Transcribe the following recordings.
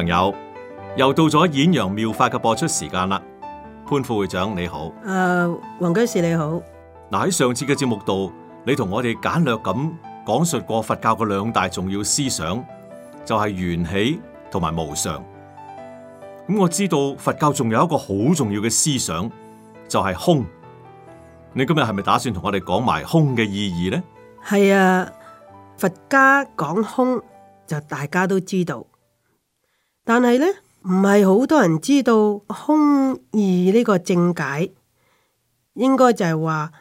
朋友又到咗《演揚妙法》嘅播出時間啦，潘副會長你好，誒，黃居士你好。嗱，喺上次嘅節目度，你同我哋簡略咁講述過佛教嘅兩大重要思想，就係緣起同埋無常。咁我知道佛教仲有一個好重要嘅思想，就係空。你今日係咪打算同我哋講埋空嘅意義咧？係啊，佛家講空，就大家都知道。但係呢，唔係好多人知道空義呢個正解，應該就係話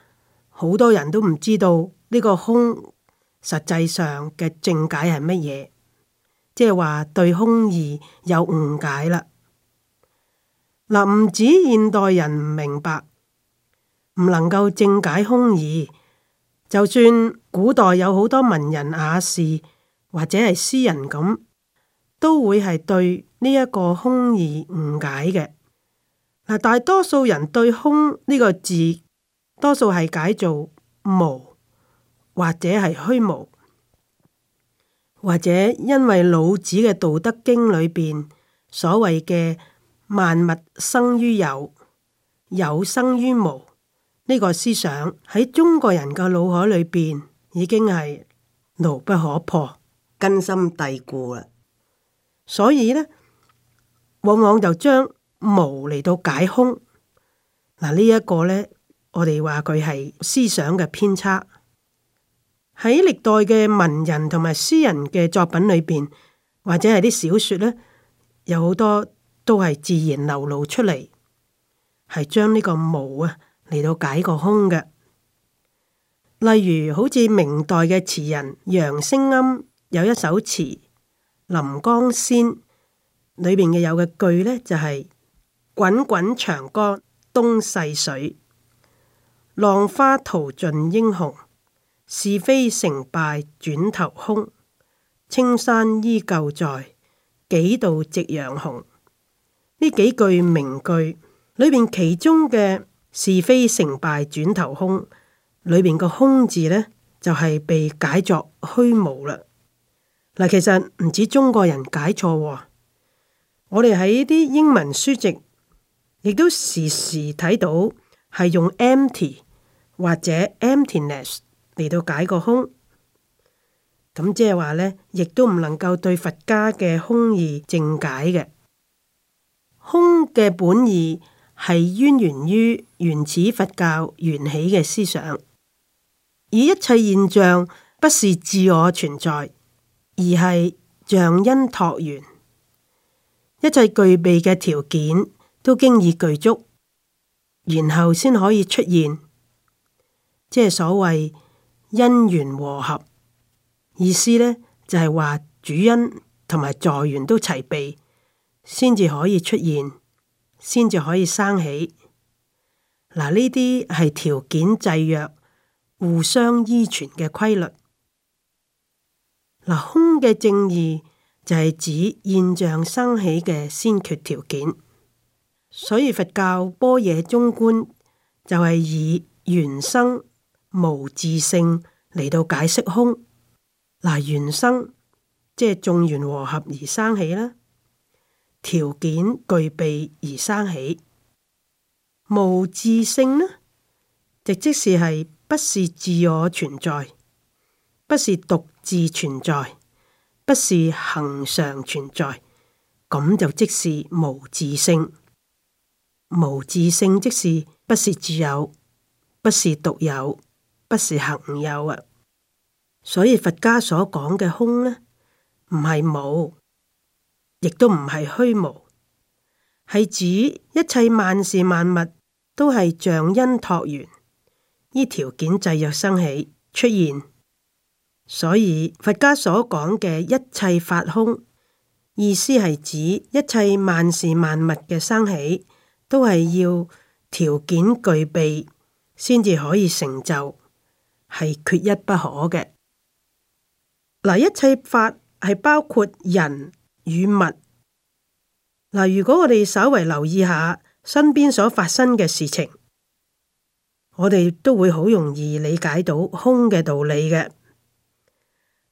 好多人都唔知道呢個空實際上嘅正解係乜嘢，即係話對空義有誤解啦。嗱，唔止現代人唔明白，唔能夠正解空義，就算古代有好多文人雅士或者係詩人咁。都會係對呢一個空義誤解嘅。嗱，大多數人對空呢個字，多數係解做無或者係虛無，或者因為老子嘅道德經裏邊所謂嘅萬物生於有，有生於無呢個思想喺中國人個腦海裏邊已經係牢不可破、根深蒂固啦。所以呢，往往就將無嚟到解空。嗱，呢一個呢，我哋話佢係思想嘅偏差。喺歷代嘅文人同埋詩人嘅作品裏邊，或者係啲小說呢，有好多都係自然流露出嚟，係將呢個無啊嚟到解個空嘅。例如，好似明代嘅詞人楊升庵有一首詞。《臨江仙》裏面嘅有嘅句呢，就是，就係滾滾長江東逝水，浪花淘盡英雄。是非成敗轉頭空，青山依舊在，幾度夕陽紅。呢幾句名句裏面，其中嘅是非成敗轉頭空，裏面個空字呢，就係被解作虛無啦。嗱，其實唔止中國人解錯，哦，我哋喺啲英文書籍亦都時時睇到係用 empty 或者 emptiness 嚟到解個空。咁即係話呢，亦都唔能夠對佛家嘅空義正解嘅。空嘅本義係淵源於原始佛教源起嘅思想，而一切現象不是自我存在。而係象因託緣，一切具備嘅條件都經已具足，然後先可以出現，即係所謂因緣和合。意思呢就係話主因同埋助緣都齊備，先至可以出現，先至可以生起。嗱，呢啲係條件制約、互相依存嘅規律。嗱，空嘅正義就係指現象生起嘅先決條件，所以佛教般若中觀就係以緣生無自性嚟到解釋空。嗱，緣生即係眾緣和合而生起啦，條件具備而生起，無自性呢，就即是係不是自我存在。不是獨自存在，不是恆常存在，咁就即是無自性。無自性即是不是自有，不是有，不是獨有，不是恆有啊。所以佛家所講嘅空呢，唔係冇，亦都唔係虛無，係指一切萬事萬物都係像因託緣，依條件制約生起、出現。所以，佛家所講嘅一切法空，意思係指一切萬事萬物嘅生起，都係要條件具備先至可以成就，係缺一不可嘅。嗱，一切法係包括人與物。嗱，如果我哋稍微留意下身邊所發生嘅事情，我哋都會好容易理解到空嘅道理嘅。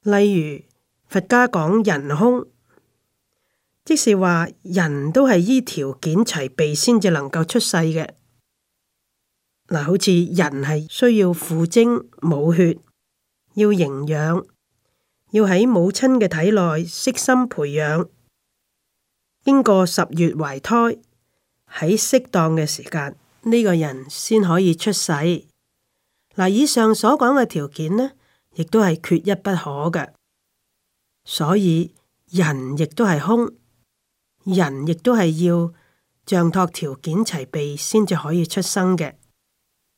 例如佛家講人空，即是話人都係依條件齊備先至能夠出世嘅。嗱，好似人係需要父精母血，要營養，要喺母親嘅體內悉心培養，經過十月懷胎，喺適當嘅時間呢個人先可以出世。嗱，以上所講嘅條件呢？亦都係缺一不可嘅，所以人亦都係空，人亦都係要像托條件齊備先至可以出生嘅。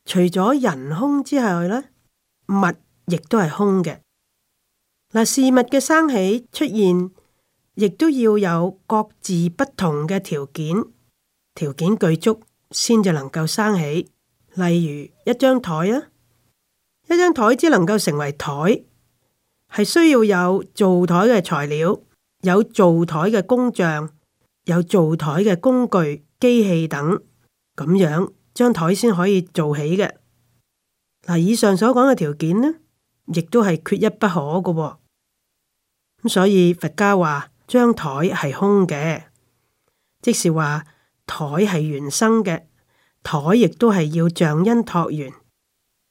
除咗人空之外咧，物亦都係空嘅。嗱，事物嘅生起出現，亦都要有各自不同嘅條件，條件具足先至能夠生起。例如一張台啊。一張台只能夠成為台，係需要有造台嘅材料，有造台嘅工匠，有造台嘅工具、機器等，咁樣張台先可以做起嘅。嗱，以上所講嘅條件呢，亦都係缺一不可嘅。咁所以佛家話，張台係空嘅，即是話台係緣生嘅，台亦都係要仗因託緣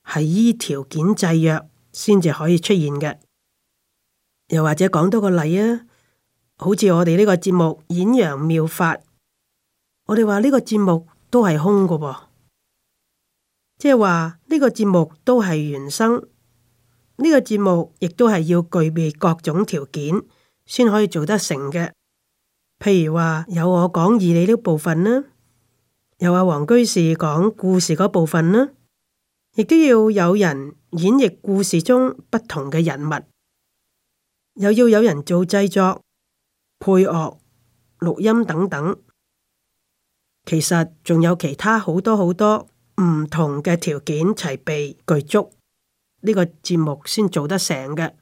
係依條件制約，先至可以出現嘅。又或者講多個例啊，好似我哋呢個節目演揚妙，妙法，我哋話呢個節目都係空嘅，即係話呢個節目都係緣生，呢、這個節目亦都係要具備各種條件，先可以做得成嘅。譬如話有我講義理呢部分啦，又話黃居士講故事嗰部分啦。亦都要有人演繹故事中不同嘅人物，又要有人做製作、配樂、錄音等等。其實仲有其他好多好多唔同嘅條件齊備具足，呢個節目先做得成嘅。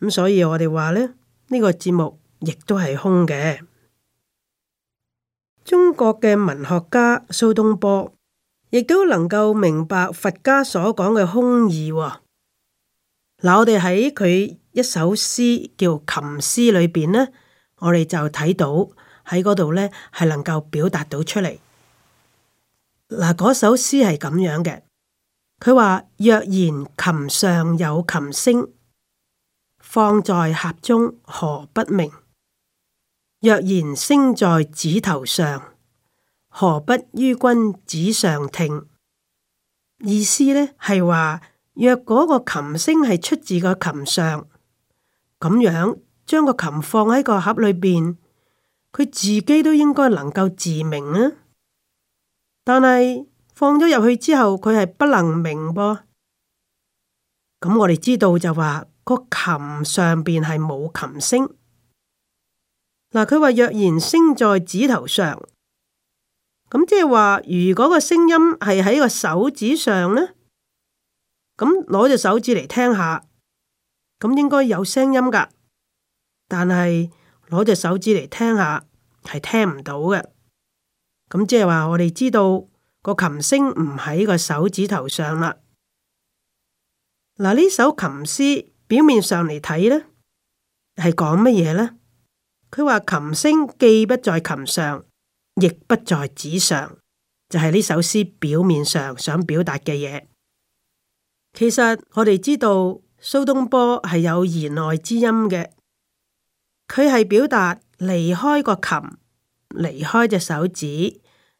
咁所以我哋話呢，呢個節目亦都係空嘅。中國嘅文學家蘇東坡。亦都能夠明白佛家所講嘅空義，哦。嗱，我哋喺佢一首詩叫《琴詩》裏邊呢，我哋就睇到喺嗰度呢係能夠表達到出嚟。嗱，嗰首詩係咁樣嘅，佢話若然琴上有琴聲，放在盒中何不明？若然聲在指頭上。何不於君指上聽？意思呢，係話，若嗰個琴聲係出自個琴上，咁樣將個琴放喺個盒裏邊，佢自己都應該能夠自鳴啊。但係放咗入去之後，佢係不能鳴噃。咁、嗯、我哋知道就話個琴上邊係冇琴聲。嗱、嗯，佢話若然聲在指頭上。咁即係話，如果個聲音係喺個手指上呢，咁攞隻手指嚟聽下，咁應該有聲音噶。但係攞隻手指嚟聽下係聽唔到嘅。咁即係話，我哋知道個琴聲唔喺個手指頭上啦。嗱，呢首琴詩表面上嚟睇呢，係講乜嘢呢？佢話琴聲既不在琴上。亦不在紙上，就係、是、呢首詩表面上想表達嘅嘢。其實我哋知道蘇東坡係有弦外之音嘅，佢係表達離開個琴，離開隻手指，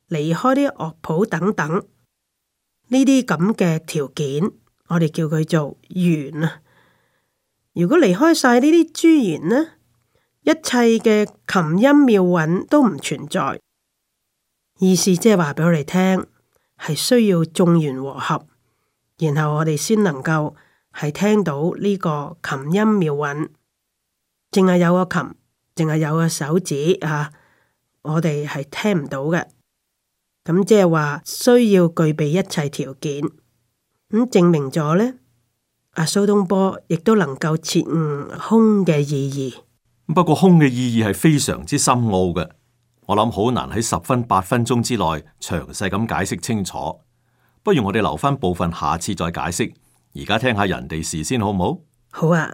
離開啲樂譜等等呢啲咁嘅條件，我哋叫佢做緣啊。如果離開晒呢啲諸緣呢，一切嘅琴音妙韻都唔存在。意思即係話俾我哋聽，係需要眾緣和合，然後我哋先能夠係聽到呢個琴音妙韻。淨係有個琴，淨係有個手指吓，啊，我哋係聽唔到嘅。咁即係話需要具備一切條件。咁證明咗呢，阿蘇東坡亦都能夠徹悟空嘅意義。不過空嘅意義係非常之深奧嘅。我諗好難喺十分八分鐘之內詳細咁解釋清楚，不如我哋留返部分下次再解釋。而家聽下人哋事先好唔好？好啊！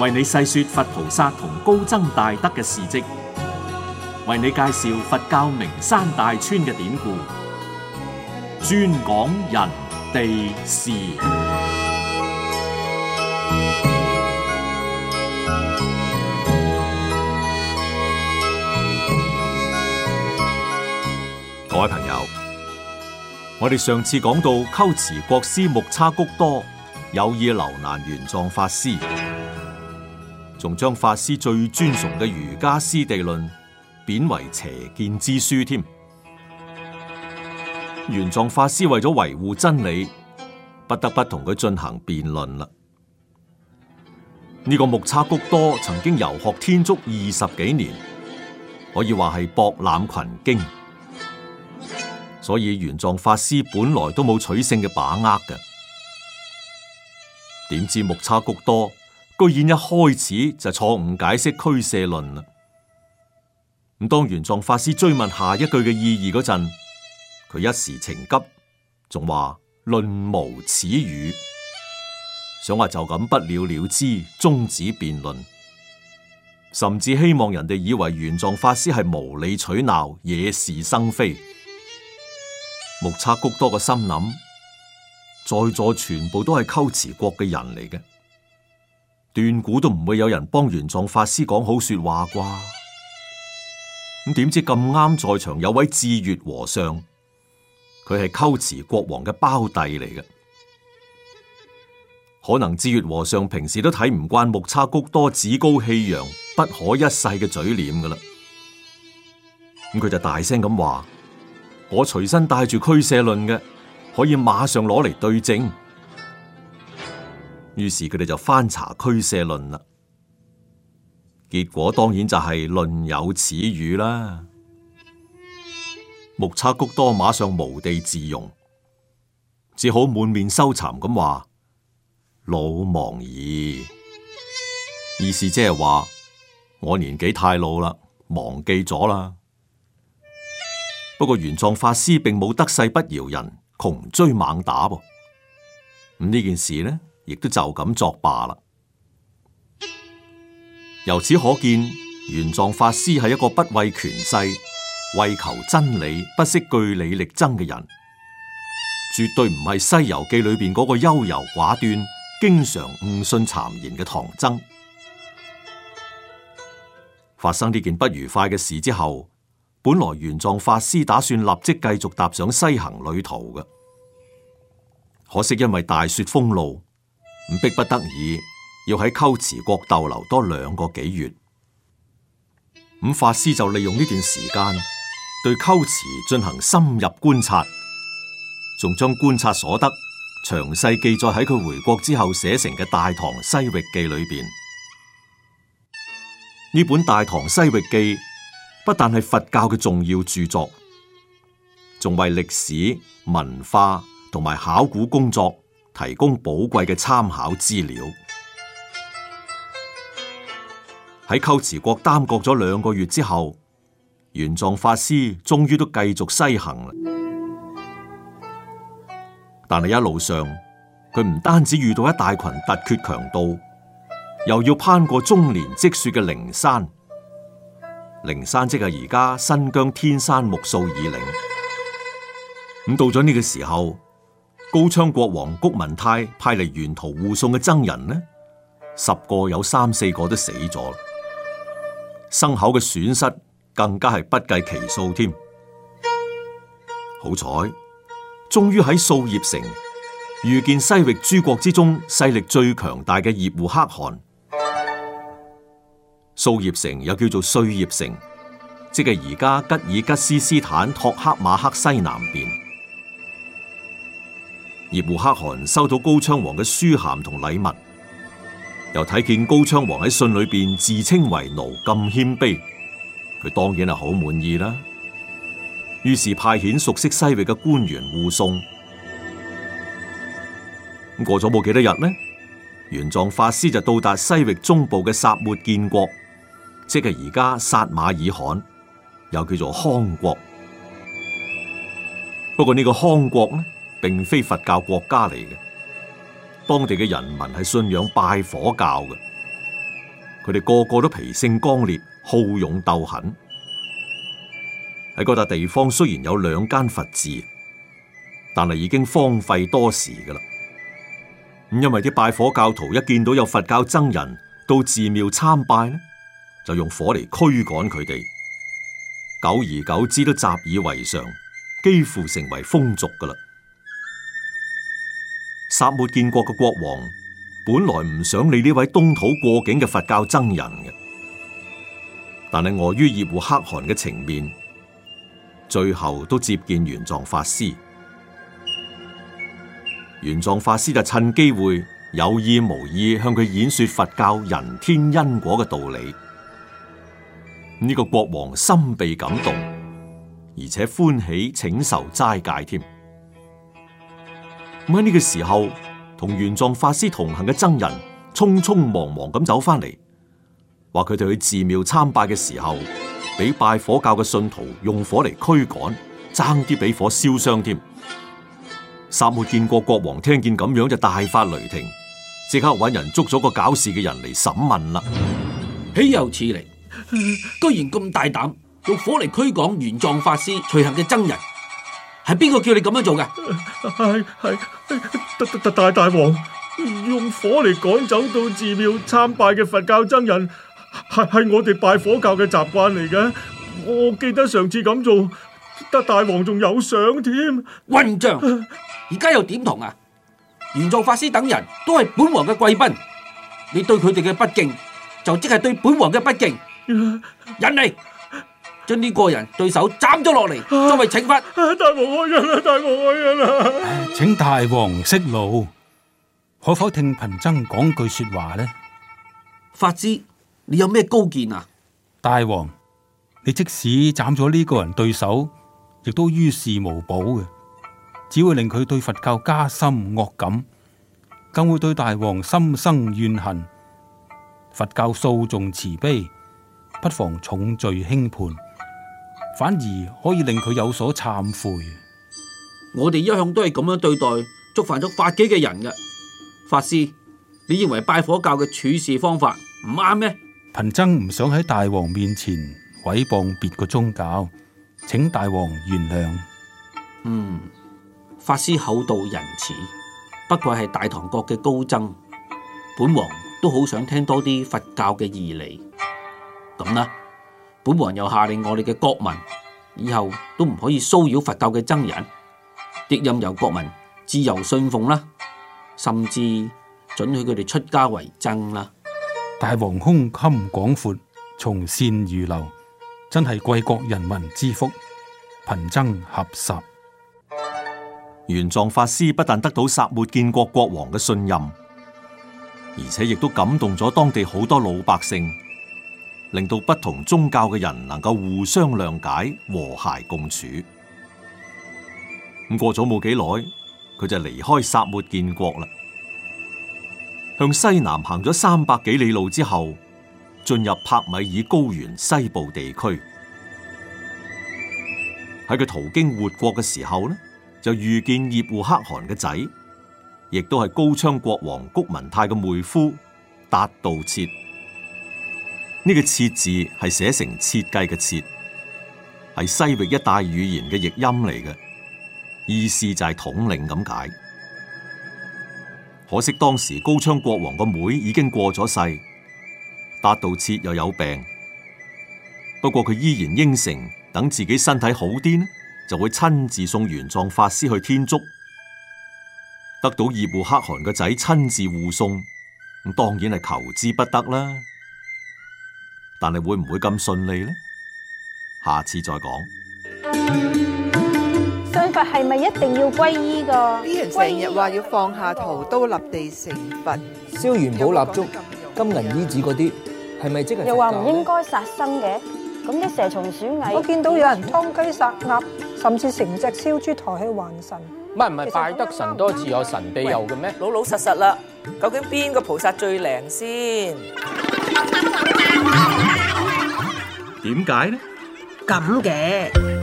為你細說佛菩薩同高僧大德嘅事跡，為你介紹佛教名山大川嘅典故，專講人。地是，各位朋友，我哋上次講到，龜茲國師木叉毱多有意留難玄奘法師，仲將法師最尊崇嘅《瑜伽師地論》貶為邪見之書，添。玄奘法師為咗維護真理，不得不同佢進行辯論啦。呢、這個木叉谷多曾經遊學天竺二十幾年，可以話係博覽羣經，所以玄奘法師本來都冇取勝嘅把握嘅。點知木叉谷多居然一開始就錯誤解釋俱舍論啦。咁當玄奘法師追問下一句嘅意義嗰陣，佢一時情急，仲話論無此語，想話就咁不了了之，終止辯論，甚至希望人哋以為玄奘法師係無理取鬧、惹是生非。木叉毱多嘅心諗，在座全部都係龜茲國嘅人嚟嘅，斷估都唔會有人幫玄奘法師講好說話啩。咁點知咁啱在場有位智月和尚。佢係龜茲國王嘅胞弟嚟嘅，可能智月和尚平時都睇唔慣木叉谷多，趾高氣揚，不可一世嘅嘴臉噶啦。咁佢就大聲咁話：我隨身帶住《俱舍論》嘅，可以馬上攞嚟對證。於是佢哋就翻查《俱舍論》啦，結果當然就係論有此語啦。木叉谷多，馬上無地自容，只好滿面羞慚咁話老忘矣，意思即係話我年紀太老啦，忘記咗啦。不過玄奘法師並冇得勢不饒人，窮追猛打噃。咁呢件事呢，亦都就咁作罷啦。由此可見，玄奘法師係一個不畏權勢。為求真理，不惜據理力爭嘅人，絕對唔係《西遊記》裏邊嗰個優柔寡斷、經常誤信讒言嘅唐僧。發生呢件不愉快嘅事之後，本來玄奘法師打算立即繼續踏上西行旅途嘅，可惜因為大雪封路，唔逼不得已要喺龜茲國逗留多兩個幾月。咁法師就利用呢段時間。對龜茲進行深入觀察，仲將觀察所得詳細記載喺佢回國之後寫成嘅《大唐西域記》裏邊。呢本《大唐西域記》不但係佛教嘅重要著作，仲為歷史、文化同埋考古工作提供寶貴嘅參考資料。喺龜茲國耽擱咗兩個月之後，玄奘法師終於都繼續西行啦，但係一路上佢唔單止遇到一大群突厥強盜，又要攀過終年積雪嘅靈山，靈山即係而家新疆天山木素以嶺。咁到咗呢個時候，高昌國王麹文泰派嚟沿途護送嘅僧人呢，十個有三四個都死咗啦，牲口嘅損失。更加係不計其數添。好彩，終於喺素葉城遇見西域諸國之中勢力最強大嘅葉護黑汗。素葉城又叫做碎葉城，即係而家吉爾吉斯斯坦托克馬克西南邊。葉護黑汗收到高昌王嘅書函同禮物，又睇見高昌王喺信裏邊自稱為奴，咁謙卑。佢當然係好滿意啦，於是派遣熟悉西域嘅官員護送。咁過咗冇幾多日呢，玄奘法師就到達西域中部嘅颯秣建國，即係而家薩馬爾罕，又叫做康國。不過呢個康國呢，並非佛教國家嚟嘅，當地嘅人民係信仰拜火教嘅，佢哋個個都脾性剛烈。好勇鬥狠。喺嗰笪地方，雖然有兩間佛寺，但係已經荒廢多時噶啦。咁因為啲拜火教徒一見到有佛教僧人到寺廟參拜呢，就用火嚟驅趕佢哋。久而久之都習以為常，幾乎成為風俗噶啦。颯秣建國嘅國王本來唔想理呢位東土過境嘅佛教僧人嘅。但係礙於葉護黑汗嘅情面，最後都接見玄奘法師。玄奘法師就趁機會有意無意向佢演說佛教人天因果嘅道理。呢、這個國王心被感動，而且歡喜請受齋戒添。喺呢個時候，同玄奘法師同行嘅僧人匆匆忙忙咁走翻嚟。話佢哋去寺廟參拜嘅時候，俾拜火教嘅信徒用火嚟驅趕，爭啲俾火燒傷添。颯秣建國國王聽見咁樣就大發雷霆，即刻搵人捉咗個搞事嘅人嚟審問啦。豈有此理！居然咁大膽，用火嚟驅趕玄奘法師隨行嘅僧人，係邊個叫你咁樣做嘅？係係係，大大大王，用火嚟趕走到寺廟參拜嘅佛教僧人。係係我哋拜火教嘅習慣嚟嘅，我記得上次咁做，得大王仲有賞添。混賬！而家又點同啊？玄奘法師等人都係本王嘅貴賓，你對佢哋嘅不敬，就即係對本王嘅不敬。忍嚟，將呢個人對手斬咗落嚟，作為懲罰，啊。大王開恩啦！大王開恩啦！請大王息怒，可否聽貧僧講句說話呢？法師。你有咩高見啊？大王，你即使斬咗呢個人對手，亦都於事無補嘅，只會令佢對佛教加深惡感，更會對大王心生怨恨。佛教素重慈悲，不妨重罪輕判，反而可以令佢有所懺悔。我哋一向都係咁樣對待觸犯咗法紀嘅人嘅，法師，你認為拜火教嘅處事方法唔啱咩？貧僧唔想喺大王面前毀謗別個宗教，請大王原諒。嗯，法師厚道仁慈，不愧係大唐國嘅高僧。本王都好想聽多啲佛教嘅義理。咁啦，本王又下令我哋嘅國民以後都唔可以騷擾佛教嘅僧人，亦任由國民自由信奉啦，甚至准許佢哋出家為僧啦。大王胸襟廣闊，從善如流，真係貴國人民之福。貧僧合十。玄奘法師不但得到颯秣建國國王嘅信任，而且亦都感動咗當地好多老百姓，令到不同宗教嘅人能夠互相諒解、和諧共處。咁過咗冇幾耐，佢就離開颯秣建國啦。向西南行咗三百幾里路之後，進入帕米爾高原西部地區。喺佢途經活國嘅時候呢，就遇見葉護可汗嘅仔，亦都係高昌國王麴文泰嘅妹夫達道設。呢、這個設字係寫成設計嘅設，係西域一帶語言嘅譯音嚟嘅，意思就係統領咁解。可惜當時高昌國王個妹妹已經過咗世，達道切又有病。不過佢依然應承，等自己身體好啲呢，就會親自送玄奘法師去天竺。得到葉護黑汗嘅仔親自護送，咁當然係求之不得啦。但係會唔會咁順利呢？下次再講。係咪一定要皈依噶？成日話要放下屠刀立地成佛，燒元寶蠟燭、金銀衣紙嗰啲，係咪即係？又話唔應該殺生嘅，咁啲蛇蟲鼠蟻，我見到有人劏雞殺鴨，甚至成隻燒豬抬去還神。唔係唔係，拜得神多自有神庇佑嘅咩？老老實實啦，究竟邊個菩薩最靈先？點解呢？咁嘅。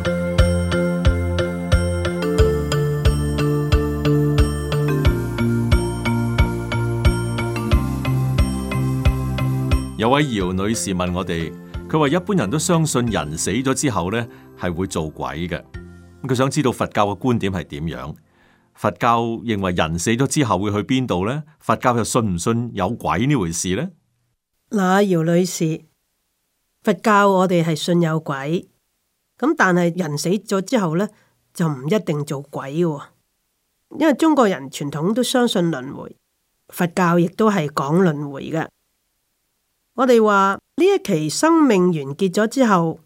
有位姚女士問我哋，佢話一般人都相信人死咗之後呢係會做鬼嘅，佢想知道佛教嘅觀點係點樣？佛教認為人死咗之後會去邊度呢？佛教又信唔信有鬼呢回事呢？嗱，姚女士，佛教我哋係信有鬼，咁但係人死咗之後呢，就唔一定做鬼喎，因為中國人傳統都相信輪迴，佛教亦都係講輪迴嘅。我哋話呢一期生命完結咗之後，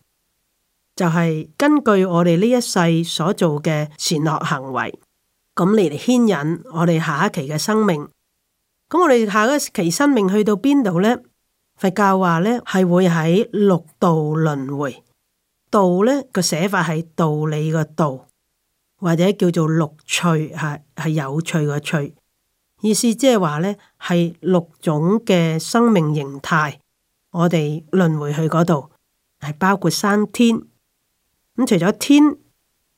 就係根據我哋呢一世所做嘅善惡行為，咁嚟嚟牽引我哋下一期嘅生命。咁我哋下一期生命去到邊度呢？佛教話呢係會喺六道輪迴。道呢個寫法係道理個道，或者叫做六趣，係係有趣個趣。意思，即係話呢係六種嘅生命形態。我哋輪回去嗰度係包括生天咁，除咗天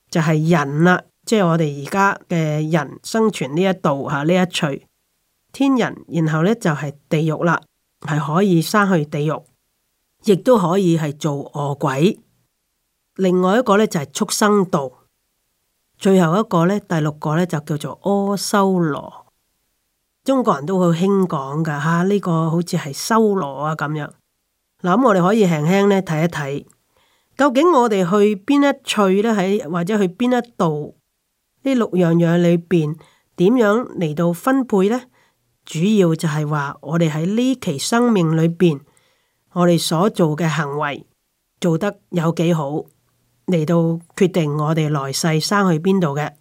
就係人啦，即係我哋而家嘅人生存呢一度吓呢一趣天人，然後呢就係地獄啦，係可以生去地獄，亦都可以係做餓鬼。另外一個呢就係畜生道，最後一個呢，第六個呢就叫做阿修羅。中國人都好興講噶吓，呢個好似係修羅啊咁樣。咁、嗯、我哋可以輕輕咧睇一睇，究竟我哋去邊一趣咧，喺或者去邊一度呢六樣樣裏邊，點樣嚟到分配咧？主要就係話我哋喺呢期生命裏邊，我哋所做嘅行為做得有幾好，嚟到決定我哋來世生去邊度嘅。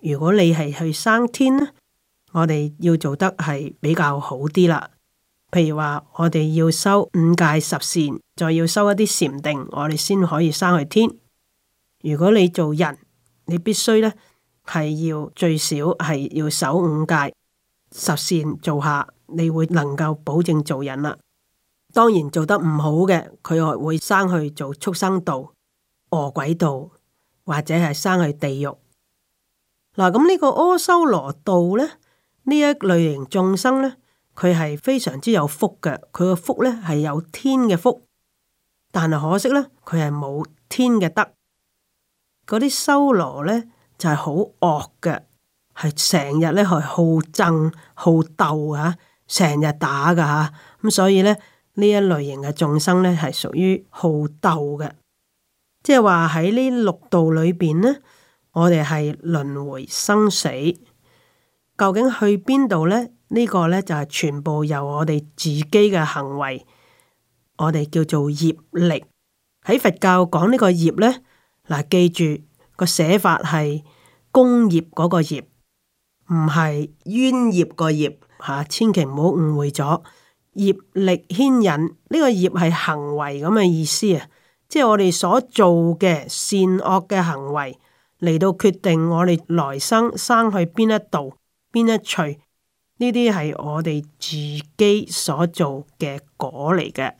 如果你係去生天咧，我哋要做得係比較好啲啦。譬如話，我哋要修五戒十善，再要修一啲禪定，我哋先可以生去天。如果你做人，你必須呢係要最少係要守五戒十善做下，你會能夠保證做人啦。當然做得唔好嘅，佢會生去做畜生道、餓鬼道，或者係生去地獄。嗱，咁呢個阿修羅道呢，呢一類型眾生呢。佢係非常之有福嘅，佢個福咧係有天嘅福，但係可惜咧，佢係冇天嘅德。嗰啲修羅咧就係、是、好惡嘅，係成日咧係好爭、好鬥吓，成日打噶吓，咁所以咧呢一類型嘅眾生咧係屬於好鬥嘅，即係話喺呢六道裏邊咧，我哋係輪回生死，究竟去邊度咧？呢個咧就係全部由我哋自己嘅行為，我哋叫做業力。喺佛教講呢個業咧，嗱記住個寫法係工業嗰個業，唔係冤業個業吓，千祈唔好誤會咗。業力牽引呢、呢個業係行為咁嘅意思啊，即係我哋所做嘅善惡嘅行為嚟到決定我哋來生生去邊一度，邊一趣。呢啲係我哋自己所做嘅果嚟嘅，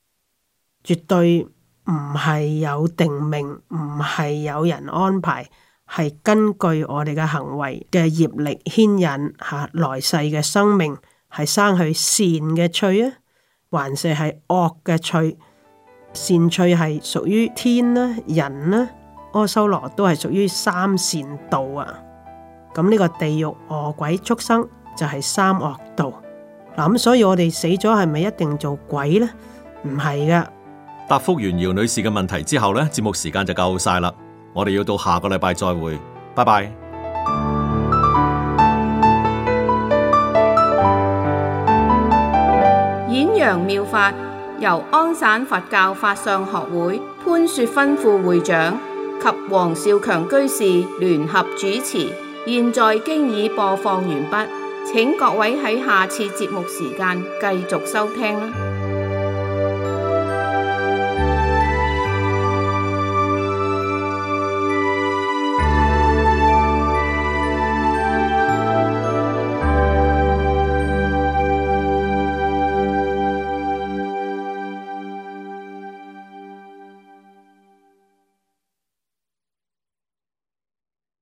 絕對唔係有定命，唔係有人安排，係根據我哋嘅行為嘅業力牽引嚇、啊、來世嘅生命係生去善嘅趣啊，還是係惡嘅趣？善趣係屬於天啦、啊、人啦、啊、阿修羅都係屬於三善道啊。咁、啊、呢、這個地獄餓、呃、鬼畜生。就係三惡道。嗱，咁所以我哋死咗係咪一定做鬼呢？唔係噶。答覆完姚女士嘅問題之後呢，節目時間就夠晒啦。我哋要到下個禮拜再會，拜拜。演揚妙法由安省佛教法相學會潘雪芬副會長及黃少強居士聯合主持，現在經已播放完畢。請各位喺下次節目時間繼續收聽啦。